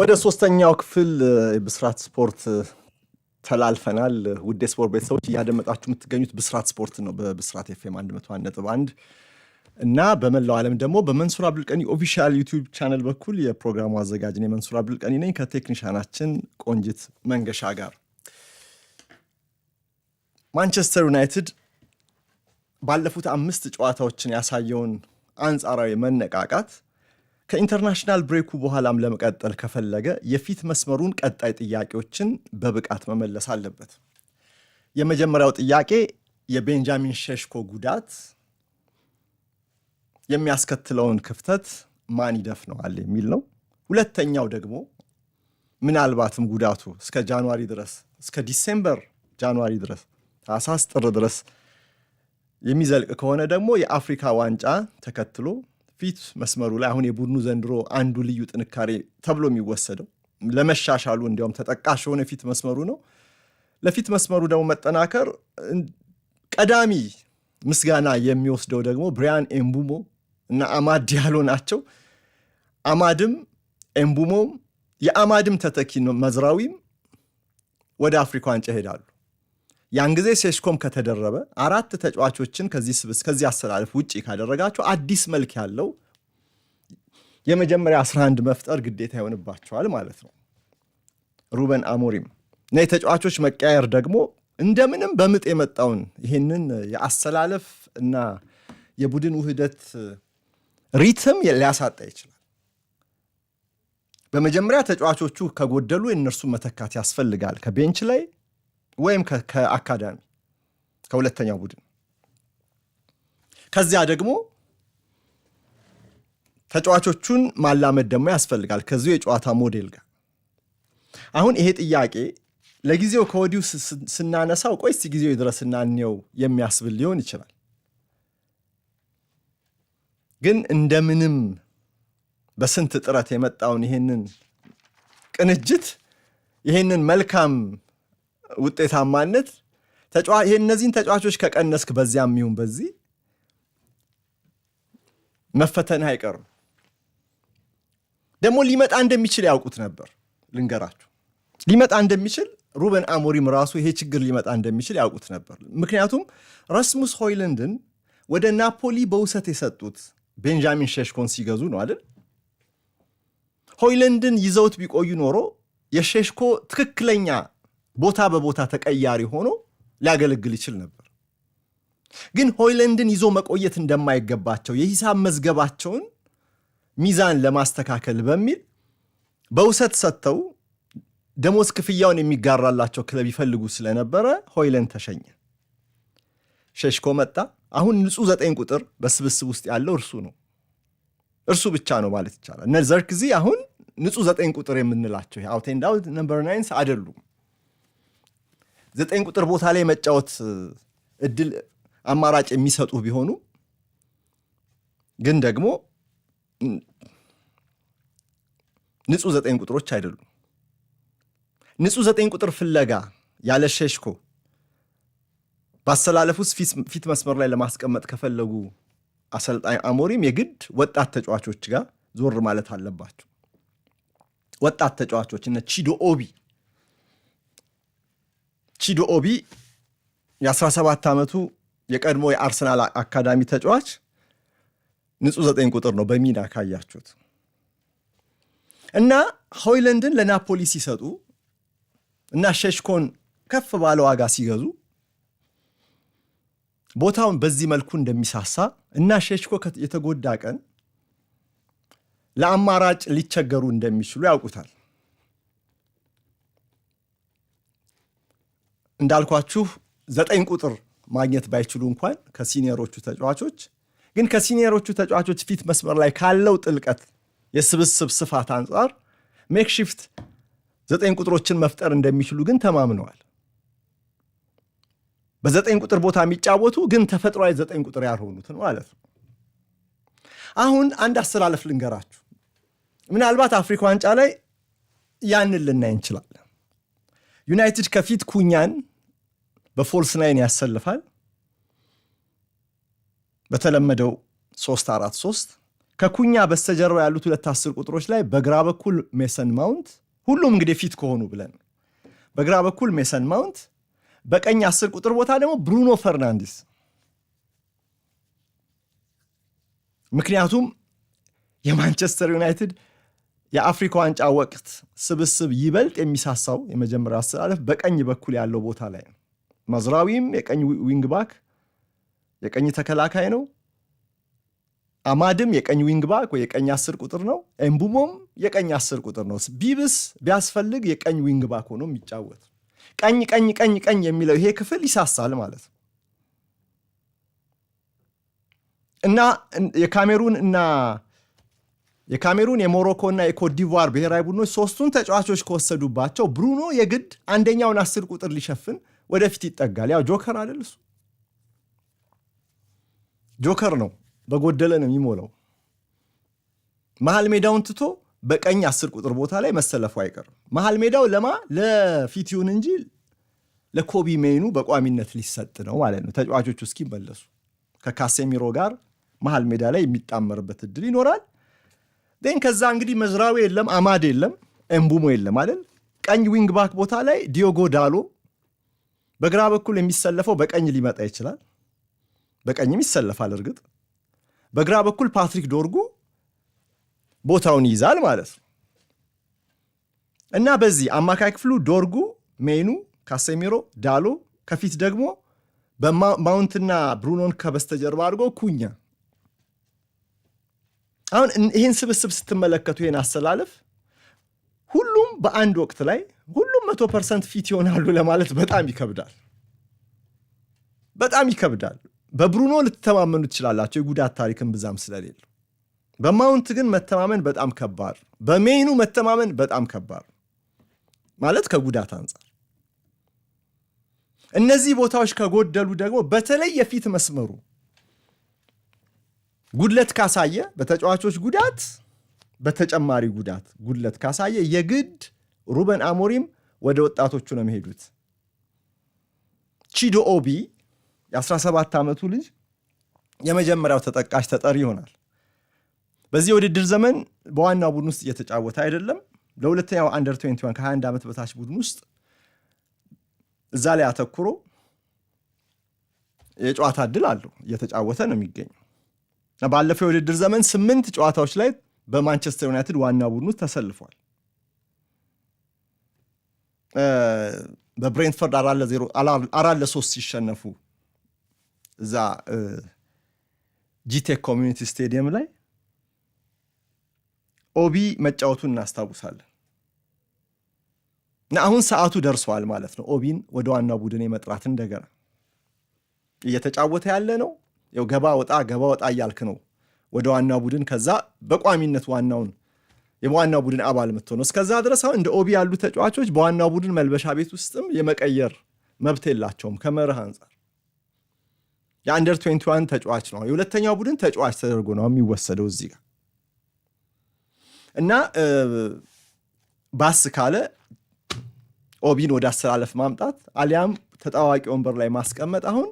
ወደ ሶስተኛው ክፍል የብስራት ስፖርት ተላልፈናል። ውዴ ስፖርት ቤተሰቦች እያደመጣችሁ የምትገኙት ብስራት ስፖርት ነው በብስራት ኤፍ ኤም 1 እና በመላው ዓለም ደግሞ በመንሱር አብዱልቀኒ ኦፊሻል ዩቲዩብ ቻነል በኩል የፕሮግራሙ አዘጋጅ ነው የመንሱር አብዱልቀኒ ነኝ ከቴክኒሻናችን ቆንጅት መንገሻ ጋር። ማንቸስተር ዩናይትድ ባለፉት አምስት ጨዋታዎችን ያሳየውን አንጻራዊ መነቃቃት ከኢንተርናሽናል ብሬኩ በኋላም ለመቀጠል ከፈለገ የፊት መስመሩን ቀጣይ ጥያቄዎችን በብቃት መመለስ አለበት። የመጀመሪያው ጥያቄ የቤንጃሚን ሸሽኮ ጉዳት የሚያስከትለውን ክፍተት ማን ይደፍነዋል የሚል ነው። ሁለተኛው ደግሞ ምናልባትም ጉዳቱ እስከ ጃንዋሪ ድረስ እስከ ዲሴምበር ጃንዋሪ ድረስ ታህሳስ ጥር ድረስ የሚዘልቅ ከሆነ ደግሞ የአፍሪካ ዋንጫ ተከትሎ ፊት መስመሩ ላይ አሁን የቡድኑ ዘንድሮ አንዱ ልዩ ጥንካሬ ተብሎ የሚወሰደው ለመሻሻሉ እንዲያውም ተጠቃሽ የሆነ ፊት መስመሩ ነው። ለፊት መስመሩ ደግሞ መጠናከር ቀዳሚ ምስጋና የሚወስደው ደግሞ ብሪያን ኤምቡሞ እና አማድ ዲያሎ ናቸው። አማድም ኤምቡሞም የአማድም ተተኪ መዝራዊም ወደ አፍሪካ ዋንጫ ይሄዳሉ። ያን ጊዜ ሴስኮም ከተደረበ አራት ተጫዋቾችን ከዚህ አሰላለፍ ውጭ ካደረጋቸው አዲስ መልክ ያለው የመጀመሪያ 11 መፍጠር ግዴታ ይሆንባቸዋል ማለት ነው። ሩበን አሞሪም እና የተጫዋቾች መቀያየር ደግሞ እንደምንም በምጥ የመጣውን ይህንን የአሰላለፍ እና የቡድን ውህደት ሪትም ሊያሳጣ ይችላል። በመጀመሪያ ተጫዋቾቹ ከጎደሉ የእነርሱ መተካት ያስፈልጋል ከቤንች ላይ ወይም ከአካዳሚ ከሁለተኛው ቡድን ከዚያ ደግሞ ተጫዋቾቹን ማላመድ ደግሞ ያስፈልጋል ከዚሁ የጨዋታ ሞዴል ጋር። አሁን ይሄ ጥያቄ ለጊዜው ከወዲሁ ስናነሳው ቆይ እስቲ ጊዜው ድረስ እናንየው የሚያስብል ሊሆን ይችላል። ግን እንደምንም በስንት ጥረት የመጣውን ይሄንን ቅንጅት ይሄንን መልካም ውጤታማነት እነዚህን ተጫዋቾች ከቀነስክ በዚያ ይሁን በዚህ መፈተን አይቀርም። ደግሞ ሊመጣ እንደሚችል ያውቁት ነበር። ልንገራችሁ ሊመጣ እንደሚችል ሩበን አሞሪም ራሱ ይሄ ችግር ሊመጣ እንደሚችል ያውቁት ነበር። ምክንያቱም ረስሙስ ሆይለንድን ወደ ናፖሊ በውሰት የሰጡት ቤንጃሚን ሸሽኮን ሲገዙ ነው አይደል? ሆይለንድን ይዘውት ቢቆዩ ኖሮ የሸሽኮ ትክክለኛ ቦታ በቦታ ተቀያሪ ሆኖ ሊያገለግል ይችል ነበር። ግን ሆይለንድን ይዞ መቆየት እንደማይገባቸው የሂሳብ መዝገባቸውን ሚዛን ለማስተካከል በሚል በውሰት ሰጥተው ደሞዝ ክፍያውን የሚጋራላቸው ክለብ ይፈልጉ ስለነበረ ሆይለንድ ተሸኘ። ሸሽኮ መጣ። አሁን ንጹህ ዘጠኝ ቁጥር በስብስብ ውስጥ ያለው እርሱ ነው። እርሱ ብቻ ነው ማለት ይቻላል። እነ ዘርክዚ አሁን ንጹህ ዘጠኝ ቁጥር የምንላቸው አውቴንዳው ነምበር ናይንስ አይደሉም። ዘጠኝ ቁጥር ቦታ ላይ መጫወት እድል አማራጭ የሚሰጡ ቢሆኑ ግን ደግሞ ንጹህ ዘጠኝ ቁጥሮች አይደሉም። ንጹህ ዘጠኝ ቁጥር ፍለጋ ያለ ሸሽኮ በአሰላለፍ ውስጥ ፊት መስመር ላይ ለማስቀመጥ ከፈለጉ አሰልጣኝ አሞሪም የግድ ወጣት ተጫዋቾች ጋር ዞር ማለት አለባቸው። ወጣት ተጫዋቾች እነ ቺዶ ኦቢ ቺዶ ኦቢ የ17 ዓመቱ የቀድሞ የአርሰናል አካዳሚ ተጫዋች ንጹህ ዘጠኝ ቁጥር ነው በሚና ካያችሁት እና ሆይለንድን ለናፖሊ ሲሰጡ እና ሸሽኮን ከፍ ባለ ዋጋ ሲገዙ ቦታውን በዚህ መልኩ እንደሚሳሳ እና ሸሽኮ የተጎዳ ቀን ለአማራጭ ሊቸገሩ እንደሚችሉ ያውቁታል። እንዳልኳችሁ ዘጠኝ ቁጥር ማግኘት ባይችሉ እንኳን ከሲኒየሮቹ ተጫዋቾች ግን ከሲኒየሮቹ ተጫዋቾች ፊት መስመር ላይ ካለው ጥልቀት የስብስብ ስፋት አንጻር ሜክሺፍት ዘጠኝ ቁጥሮችን መፍጠር እንደሚችሉ ግን ተማምነዋል። በዘጠኝ ቁጥር ቦታ የሚጫወቱ ግን ተፈጥሯዊ ዘጠኝ ቁጥር ያልሆኑትን ማለት ነው። አሁን አንድ አሰላለፍ ልንገራችሁ። ምናልባት አፍሪካ ዋንጫ ላይ ያንን ልናይ እንችላለን። ዩናይትድ ከፊት ኩኛን በፎልስ ላይን ያሰልፋል። በተለመደው 3 አራት 3 ከኩኛ በስተጀርባ ያሉት ሁለት አስር ቁጥሮች ላይ በግራ በኩል ሜሰን ማውንት፣ ሁሉም እንግዲህ ፊት ከሆኑ ብለን በግራ በኩል ሜሰን ማውንት፣ በቀኝ አስር ቁጥር ቦታ ደግሞ ብሩኖ ፈርናንዲስ። ምክንያቱም የማንቸስተር ዩናይትድ የአፍሪካ ዋንጫ ወቅት ስብስብ ይበልጥ የሚሳሳው የመጀመሪያ አስተላለፍ በቀኝ በኩል ያለው ቦታ ላይ ነው። ማዝራዊም የቀኝ ዊንግ ባክ የቀኝ ተከላካይ ነው። አማድም የቀኝ ዊንግ ባክ ወይ የቀኝ አስር ቁጥር ነው። ኤምቡሞም የቀኝ አስር ቁጥር ነው። ቢብስ ቢያስፈልግ የቀኝ ዊንግ ባክ ሆኖ የሚጫወት ቀኝ ቀኝ ቀኝ ቀኝ የሚለው ይሄ ክፍል ይሳሳል ማለት ነው እና የካሜሩን እና የካሜሩን የሞሮኮ እና የኮትዲቯር ብሔራዊ ቡድኖች ሶስቱን ተጫዋቾች ከወሰዱባቸው ብሩኖ የግድ አንደኛውን አስር ቁጥር ሊሸፍን ወደፊት ይጠጋል። ያው ጆከር አደል እሱ ጆከር ነው፣ በጎደለ ነው የሚሞላው። መሀል ሜዳውን ትቶ በቀኝ አስር ቁጥር ቦታ ላይ መሰለፉ አይቀርም። መሀል ሜዳው ለማ ለፊትዩን እንጂ ለኮቢ ሜኑ በቋሚነት ሊሰጥ ነው ማለት ነው። ተጫዋቾቹ እስኪመለሱ ከካሴሚሮ ጋር መሀል ሜዳ ላይ የሚጣመርበት እድል ይኖራል። ን ከዛ እንግዲህ መዝራዊ የለም፣ አማድ የለም፣ ኤምቡሞ የለም አይደል? ቀኝ ዊንግ ባክ ቦታ ላይ ዲዮጎ ዳሎ በግራ በኩል የሚሰለፈው በቀኝ ሊመጣ ይችላል። በቀኝም ይሰለፋል። እርግጥ በግራ በኩል ፓትሪክ ዶርጉ ቦታውን ይይዛል ማለት ነው እና በዚህ አማካይ ክፍሉ ዶርጉ፣ ሜኑ፣ ካሴሚሮ፣ ዳሎ ከፊት ደግሞ በማውንትና ብሩኖን ከበስተጀርባ አድርጎ ኩኛ አሁን ይህን ስብስብ ስትመለከቱ ይህን አሰላለፍ ሁሉም በአንድ ወቅት ላይ ሁሉም መቶ ፐርሰንት ፊት ይሆናሉ ለማለት በጣም ይከብዳል። በጣም ይከብዳል። በብሩኖ ልትተማመኑ ትችላላቸው የጉዳት ታሪክን ብዛም ስለሌለ፣ በማውንት ግን መተማመን በጣም ከባድ፣ በሜኑ መተማመን በጣም ከባድ ማለት ከጉዳት አንጻር እነዚህ ቦታዎች ከጎደሉ ደግሞ በተለይ የፊት መስመሩ ጉድለት ካሳየ በተጫዋቾች ጉዳት በተጨማሪ ጉዳት ጉድለት ካሳየ የግድ ሩበን አሞሪም ወደ ወጣቶቹ ነው የሚሄዱት። ቺዶ ኦቢ የ17 ዓመቱ ልጅ የመጀመሪያው ተጠቃሽ ተጠሪ ይሆናል። በዚህ የውድድር ዘመን በዋናው ቡድን ውስጥ እየተጫወተ አይደለም። ለሁለተኛው አንደር 21 ከ21 ዓመት በታች ቡድን ውስጥ እዛ ላይ አተኩሮ የጨዋታ እድል አለው፣ እየተጫወተ ነው የሚገኘው። ባለፈው የውድድር ዘመን ስምንት ጨዋታዎች ላይ በማንቸስተር ዩናይትድ ዋና ቡድኑ ተሰልፏል። በብሬንትፈርድ አራት ለሶስት ሲሸነፉ እዛ ጂቴክ ኮሚኒቲ ስቴዲየም ላይ ኦቢ መጫወቱን እናስታውሳለን። እና አሁን ሰዓቱ ደርሰዋል ማለት ነው። ኦቢን ወደ ዋናው ቡድን የመጥራት እንደገና እየተጫወተ ያለ ነው። ያው ገባ ወጣ ገባ ወጣ እያልክ ነው ወደ ዋናው ቡድን ከዛ በቋሚነት ዋናውን የዋናው ቡድን አባል የምትሆነው። እስከዛ ድረስ አሁን እንደ ኦቢ ያሉ ተጫዋቾች በዋናው ቡድን መልበሻ ቤት ውስጥም የመቀየር መብት የላቸውም ከመርህ አንጻር። የአንደር 21 ተጫዋች ነው የሁለተኛው ቡድን ተጫዋች ተደርጎ ነው የሚወሰደው እዚህ ጋር እና ባስ ካለ ኦቢን ወደ አሰላለፍ ማምጣት አሊያም ተጣዋቂ ወንበር ላይ ማስቀመጥ አሁን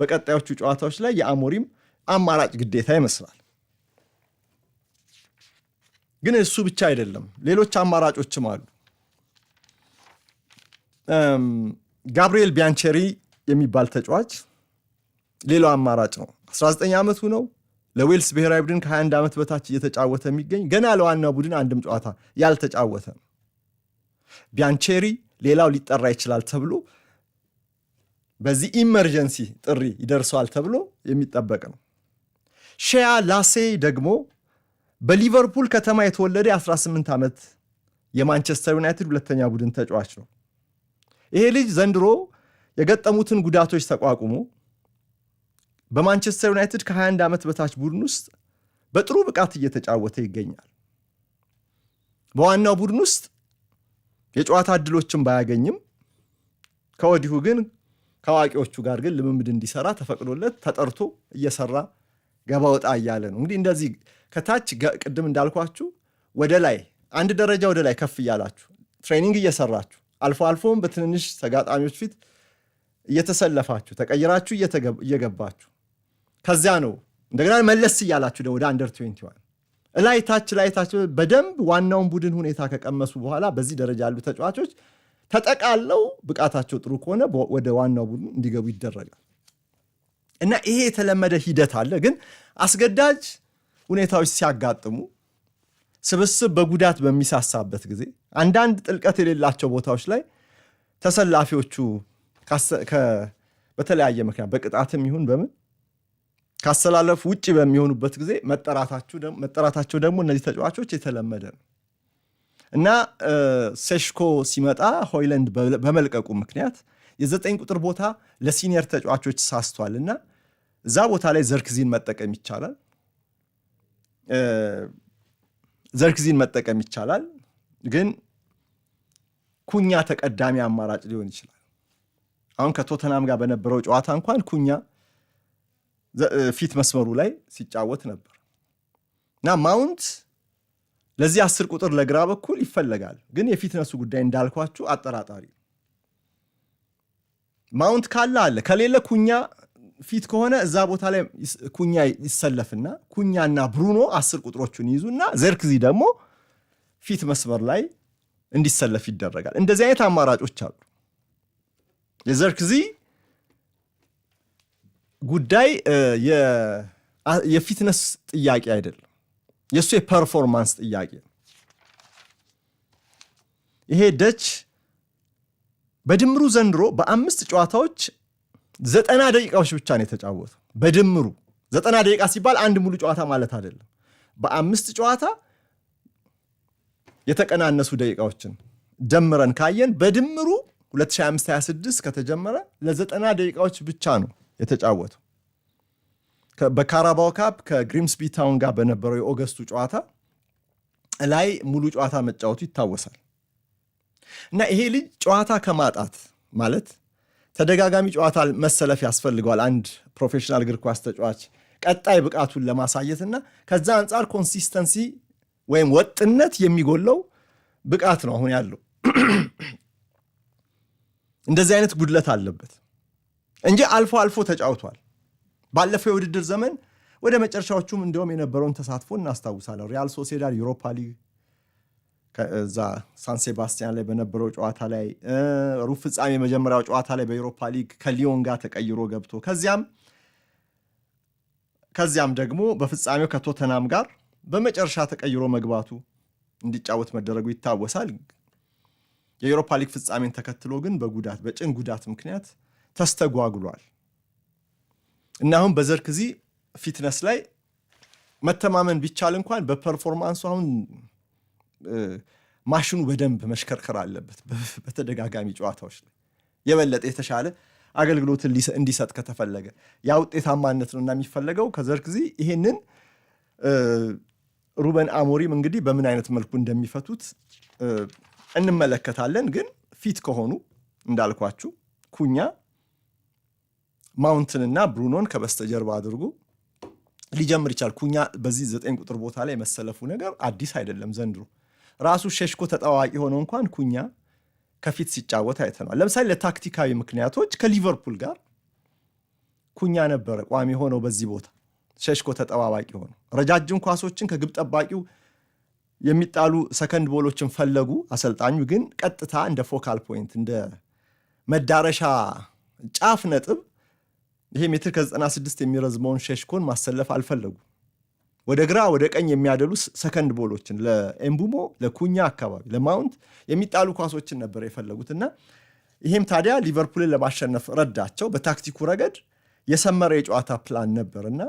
በቀጣዮቹ ጨዋታዎች ላይ የአሞሪም አማራጭ ግዴታ ይመስላል። ግን እሱ ብቻ አይደለም፣ ሌሎች አማራጮችም አሉ። ጋብሪኤል ቢያንቸሪ የሚባል ተጫዋች ሌላው አማራጭ ነው። 19 ዓመቱ ነው። ለዌልስ ብሔራዊ ቡድን ከ21 ዓመት በታች እየተጫወተ የሚገኝ ገና ለዋና ቡድን አንድም ጨዋታ ያልተጫወተ ነው። ቢያንቸሪ ሌላው ሊጠራ ይችላል ተብሎ በዚህ ኢመርጀንሲ ጥሪ ይደርሰዋል ተብሎ የሚጠበቅ ነው። ሼያ ላሴ ደግሞ በሊቨርፑል ከተማ የተወለደ የ18 ዓመት የማንቸስተር ዩናይትድ ሁለተኛ ቡድን ተጫዋች ነው። ይሄ ልጅ ዘንድሮ የገጠሙትን ጉዳቶች ተቋቁሞ በማንቸስተር ዩናይትድ ከ21 ዓመት በታች ቡድን ውስጥ በጥሩ ብቃት እየተጫወተ ይገኛል። በዋናው ቡድን ውስጥ የጨዋታ እድሎችን ባያገኝም ከወዲሁ ግን ከአዋቂዎቹ ጋር ግን ልምምድ እንዲሰራ ተፈቅዶለት ተጠርቶ እየሰራ ገባ ወጣ እያለ ነው። እንግዲህ እንደዚህ ከታች ቅድም እንዳልኳችሁ ወደ ላይ አንድ ደረጃ ወደ ላይ ከፍ እያላችሁ ትሬኒንግ እየሰራችሁ አልፎ አልፎም በትንንሽ ተጋጣሚዎች ፊት እየተሰለፋችሁ ተቀይራችሁ እየገባችሁ ከዚያ ነው እንደገና መለስ እያላችሁ ወደ አንደር ትዌንቲ ዋን እላይ ታች ላይ ታች በደንብ ዋናውን ቡድን ሁኔታ ከቀመሱ በኋላ በዚህ ደረጃ ያሉ ተጫዋቾች ተጠቃለው ብቃታቸው ጥሩ ከሆነ ወደ ዋናው ቡድን እንዲገቡ ይደረጋል እና ይሄ የተለመደ ሂደት አለ። ግን አስገዳጅ ሁኔታዎች ሲያጋጥሙ ስብስብ በጉዳት በሚሳሳበት ጊዜ አንዳንድ ጥልቀት የሌላቸው ቦታዎች ላይ ተሰላፊዎቹ በተለያየ ምክንያት በቅጣትም ይሁን በምን ካሰላለፍ ውጭ በሚሆኑበት ጊዜ መጠራታቸው ደግሞ እነዚህ ተጫዋቾች የተለመደ ነው። እና ሴሽኮ ሲመጣ ሆይለንድ በመልቀቁ ምክንያት የዘጠኝ ቁጥር ቦታ ለሲኒየር ተጫዋቾች ሳስቷል እና እዛ ቦታ ላይ ዘርክዚን መጠቀም ይቻላል። ዘርክዚን መጠቀም ይቻላል፣ ግን ኩኛ ተቀዳሚ አማራጭ ሊሆን ይችላል። አሁን ከቶተናም ጋር በነበረው ጨዋታ እንኳን ኩኛ ፊት መስመሩ ላይ ሲጫወት ነበር እና ማውንት ለዚህ አስር ቁጥር ለግራ በኩል ይፈለጋል፣ ግን የፊትነሱ ጉዳይ እንዳልኳችሁ አጠራጣሪ። ማውንት ካለ አለ፣ ከሌለ ኩኛ ፊት ከሆነ እዛ ቦታ ላይ ኩኛ ይሰለፍና ኩኛና ብሩኖ አስር ቁጥሮቹን ይይዙና ዘርክዚ ደግሞ ፊት መስመር ላይ እንዲሰለፍ ይደረጋል። እንደዚህ አይነት አማራጮች አሉ። የዘርክዚ ጉዳይ የፊትነስ ጥያቄ አይደለም። የእሱ የፐርፎርማንስ ጥያቄ ይሄ ደች በድምሩ ዘንድሮ በአምስት ጨዋታዎች ዘጠና ደቂቃዎች ብቻ ነው የተጫወተው። በድምሩ ዘጠና ደቂቃ ሲባል አንድ ሙሉ ጨዋታ ማለት አይደለም። በአምስት ጨዋታ የተቀናነሱ ደቂቃዎችን ደምረን ካየን በድምሩ 2526 ከተጀመረ ለዘጠና ደቂቃዎች ብቻ ነው የተጫወተው። በካራባው ካፕ ከግሪምስቢ ታውን ጋር በነበረው የኦገስቱ ጨዋታ ላይ ሙሉ ጨዋታ መጫወቱ ይታወሳል። እና ይሄ ልጅ ጨዋታ ከማጣት ማለት ተደጋጋሚ ጨዋታ መሰለፍ ያስፈልገዋል። አንድ ፕሮፌሽናል እግር ኳስ ተጫዋች ቀጣይ ብቃቱን ለማሳየት እና ከዛ አንጻር ኮንሲስተንሲ ወይም ወጥነት የሚጎለው ብቃት ነው አሁን ያለው። እንደዚህ አይነት ጉድለት አለበት እንጂ አልፎ አልፎ ተጫውቷል። ባለፈው የውድድር ዘመን ወደ መጨረሻዎቹም እንዲሁም የነበረውን ተሳትፎ እናስታውሳለን። ሪያል ሶሴዳድ ዩሮፓ ሊግ ከዛ ሳን ሴባስቲያን ላይ በነበረው ጨዋታ ላይ ሩብ ፍጻሜ የመጀመሪያው ጨዋታ ላይ በዩሮፓ ሊግ ከሊዮን ጋር ተቀይሮ ገብቶ ከዚያም ከዚያም ደግሞ በፍጻሜው ከቶተናም ጋር በመጨረሻ ተቀይሮ መግባቱ እንዲጫወት መደረጉ ይታወሳል። የዩሮፓ ሊግ ፍጻሜን ተከትሎ ግን በጉዳት በጭን ጉዳት ምክንያት ተስተጓጉሏል። እና አሁን በዘርክዚ ፊትነስ ላይ መተማመን ቢቻል እንኳን በፐርፎርማንሱ አሁን ማሽኑ በደንብ መሽከርከር አለበት። በተደጋጋሚ ጨዋታዎች ላይ የበለጠ የተሻለ አገልግሎትን እንዲሰጥ ከተፈለገ ያ ውጤታማነት ነው እና የሚፈለገው ከዘርክዚ ይሄንን ሩበን አሞሪም እንግዲህ በምን አይነት መልኩ እንደሚፈቱት እንመለከታለን። ግን ፊት ከሆኑ እንዳልኳችሁ ኩኛ እና ብሩኖን ከበስተጀርባ አድርጉ ሊጀምር ይቻል። ኩኛ በዚህ ዘጠኝ ቁጥር ቦታ ላይ መሰለፉ ነገር አዲስ አይደለም። ዘንድሮ ራሱ ሸሽኮ ተጠዋቂ ሆኖ እንኳን ኩኛ ከፊት ሲጫወት አይተናል። ለምሳሌ ለታክቲካዊ ምክንያቶች ከሊቨርፑል ጋር ኩኛ ነበረ ቋሚ ሆነው በዚህ ቦታ ሸሽኮ ተጠባባቂ ሆኖ ረጃጅም ኳሶችን ከግብ ጠባቂው የሚጣሉ ሰከንድ ቦሎችን ፈለጉ። አሰልጣኙ ግን ቀጥታ እንደ ፎካል ፖይንት እንደ መዳረሻ ጫፍ ነጥብ ይሄ ሜትር ከ96 የሚረዝመውን ሼሽኮን ማሰለፍ አልፈለጉ። ወደ ግራ ወደ ቀኝ የሚያደሉ ሰከንድ ቦሎችን ለኤምቡሞ፣ ለኩኛ አካባቢ ለማውንት የሚጣሉ ኳሶችን ነበር የፈለጉት እና ይሄም ታዲያ ሊቨርፑልን ለማሸነፍ ረዳቸው። በታክቲኩ ረገድ የሰመረ የጨዋታ ፕላን ነበር እና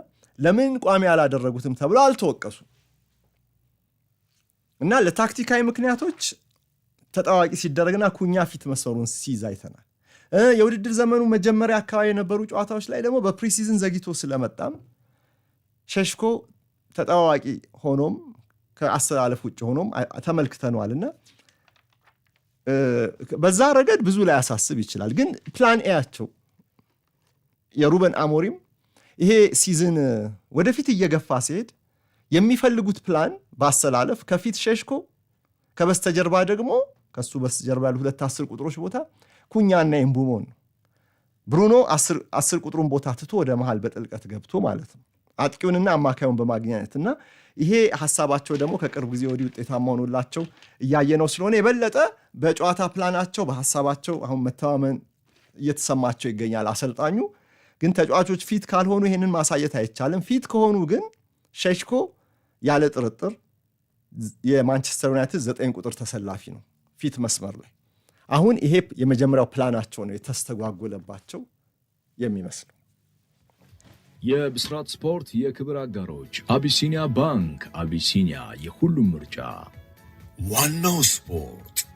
ለምን ቋሚ አላደረጉትም ተብሎ አልተወቀሱ እና ለታክቲካዊ ምክንያቶች ተጠዋቂ ሲደረግና ኩኛ ፊት መስመሩን ሲይዝ አይተናል። የውድድር ዘመኑ መጀመሪያ አካባቢ የነበሩ ጨዋታዎች ላይ ደግሞ በፕሪሲዝን ዘግቶ ስለመጣም ሸሽኮ ተጠዋዋቂ ሆኖም ከአሰላለፍ ውጭ ሆኖም እና በዛ ረገድ ብዙ ላይ ያሳስብ ይችላል። ግን ፕላን ኤያቸው የሩበን አሞሪም ይሄ ሲዝን ወደፊት እየገፋ ሲሄድ የሚፈልጉት ፕላን በአሰላለፍ ከፊት ሸሽኮ ከበስተጀርባ ደግሞ ከሱ በስተጀርባ ያሉ ሁለት አስር ቁጥሮች ቦታ ኩኛና ኤምቡሞን ነው። ብሩኖ አስር ቁጥሩን ቦታ ትቶ ወደ መሃል በጥልቀት ገብቶ ማለት ነው አጥቂውንና አማካዩን በማግኘት እና ይሄ ሀሳባቸው ደግሞ ከቅርብ ጊዜ ወዲህ ውጤታማ ሆኖላቸው እያየነው ስለሆነ የበለጠ በጨዋታ ፕላናቸው በሀሳባቸው አሁን መተማመን እየተሰማቸው ይገኛል። አሰልጣኙ ግን ተጫዋቾች ፊት ካልሆኑ ይህንን ማሳየት አይቻልም። ፊት ከሆኑ ግን ሸሽኮ ያለ ጥርጥር የማንቸስተር ዩናይትድ ዘጠኝ ቁጥር ተሰላፊ ነው ፊት መስመር ላይ አሁን ይሄ የመጀመሪያው ፕላናቸው ነው የተስተጓጎለባቸው የሚመስለው። የብስራት ስፖርት የክብር አጋሮች አቢሲኒያ ባንክ። አቢሲኒያ የሁሉም ምርጫ ዋናው ስፖርት